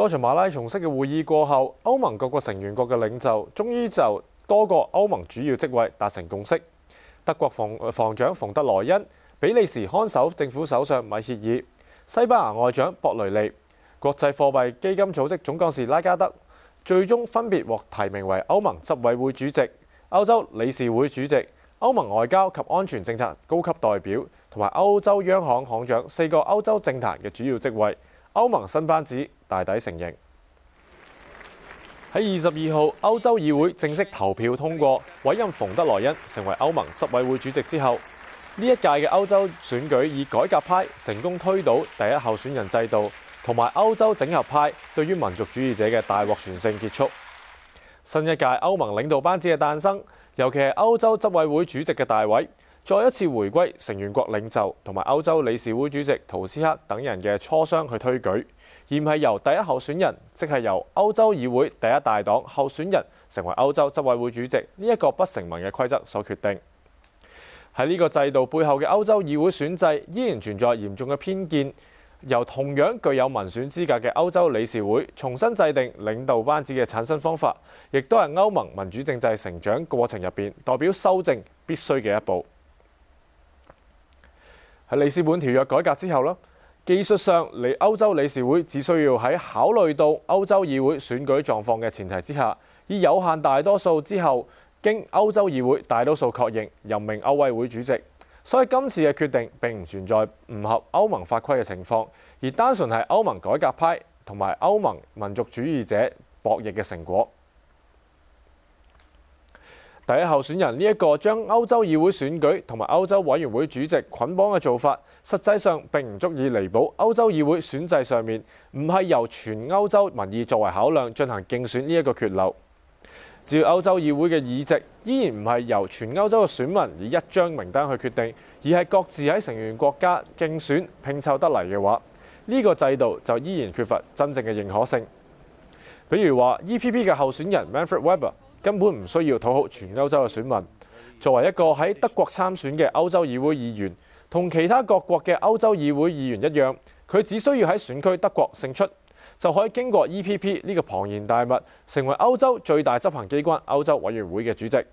多場馬拉松式嘅會議過後，歐盟各個成員國嘅領袖終於就多個歐盟主要職位達成共識。德國防防長馮德萊恩、比利時看守政府首相米歇爾、西班牙外長博雷利、國際貨幣基金組織總幹事拉加德，最終分別獲提名為歐盟執委會主席、歐洲理事會主席、歐盟外交及安全政策高級代表同埋歐洲央行行長，四個歐洲政壇嘅主要職位。歐盟新班子大抵成形。喺二十二號，歐洲議會正式投票通過，委任馮德萊恩成為歐盟執委會主席之後，呢一屆嘅歐洲選舉以改革派成功推倒第一候選人制度，同埋歐洲整合派對於民族主義者嘅大獲全勝結束。新一屆歐盟領導班子嘅誕生，尤其係歐洲執委會主席嘅大位，再一次回歸成員國領袖同埋歐洲理事會主席圖斯克等人嘅磋商去推舉，而唔係由第一候選人，即係由歐洲議會第一大黨候選人成為歐洲執委會主席呢一個不成文嘅規則所決定。喺呢個制度背後嘅歐洲議會選制依然存在嚴重嘅偏見。由同樣具有民選資格嘅歐洲理事會重新制定領導班子嘅產生方法，亦都係歐盟民主政制成長過程入邊代表修正必須嘅一步。喺里斯本條約改革之後啦，技術上嚟歐洲理事會只需要喺考慮到歐洲議會選舉狀況嘅前提之下，以有限大多數之後經歐洲議會大多數確認任命歐委會主席，所以今次嘅決定並唔存在唔合歐盟法規嘅情況，而單純係歐盟改革派同埋歐盟民族主義者博弈嘅成果。第一候選人呢一個將歐洲議會選舉同埋歐洲委員會主席捆綁嘅做法，實際上並唔足以彌補歐洲議會選制上面唔係由全歐洲民意作為考量進行競選呢一個缺漏。至於歐洲議會嘅議席依然唔係由全歐洲嘅選民以一張名單去決定，而係各自喺成員國家競選拼湊得嚟嘅話，呢、這個制度就依然缺乏真正嘅認可性。比如話，EPP 嘅候選人 Manfred Weber。根本唔需要討好全歐洲嘅選民。作為一個喺德國參選嘅歐洲議會議員，同其他各國嘅歐洲議會議員一樣，佢只需要喺選區德國勝出，就可以經過 EPP 呢個龐然大物成為歐洲最大執行機關歐洲委員會嘅主席。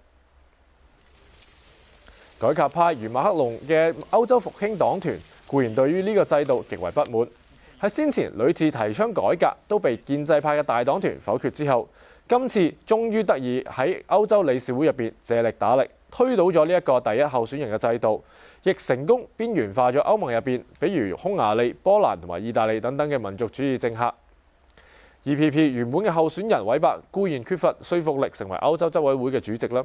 改革派如馬克龍嘅歐洲復興黨團固然對於呢個制度極為不滿，喺先前屢次提倡改革都被建制派嘅大黨團否決之後。今次終於得以喺歐洲理事會入面借力打力，推倒咗呢一個第一候選人嘅制度，亦成功邊緣化咗歐盟入面，比如匈牙利、波蘭同埋意大利等等嘅民族主義政客。EPP 原本嘅候選人韋伯固然缺乏說服力，成為歐洲執委會嘅主席啦，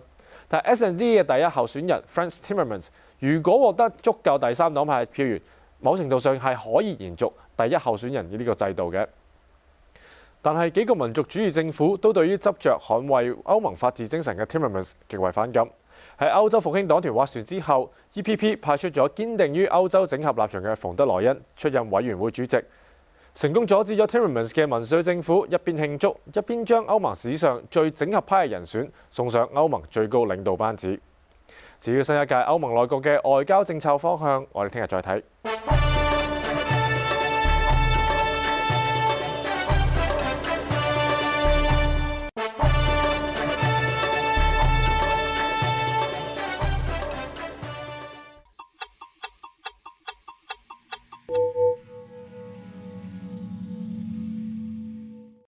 但 S&D 嘅第一候選人 Frans Timmermans 如果獲得足夠第三黨派票源，某程度上係可以延續第一候選人嘅呢個制度嘅。但係幾個民族主義政府都對於執着捍衛歐盟法治精神嘅 Timmermans 極為反感。喺歐洲復興黨團劃船之後，EPP 派出咗堅定於歐洲整合立場嘅馮德萊恩出任委員會主席，成功阻止咗 Timmermans 嘅民粹政府一邊慶祝，一邊將歐盟史上最整合派嘅人選送上歐盟最高領導班子。至於新一屆歐盟內閣嘅外交政策方向，我哋聽日再睇。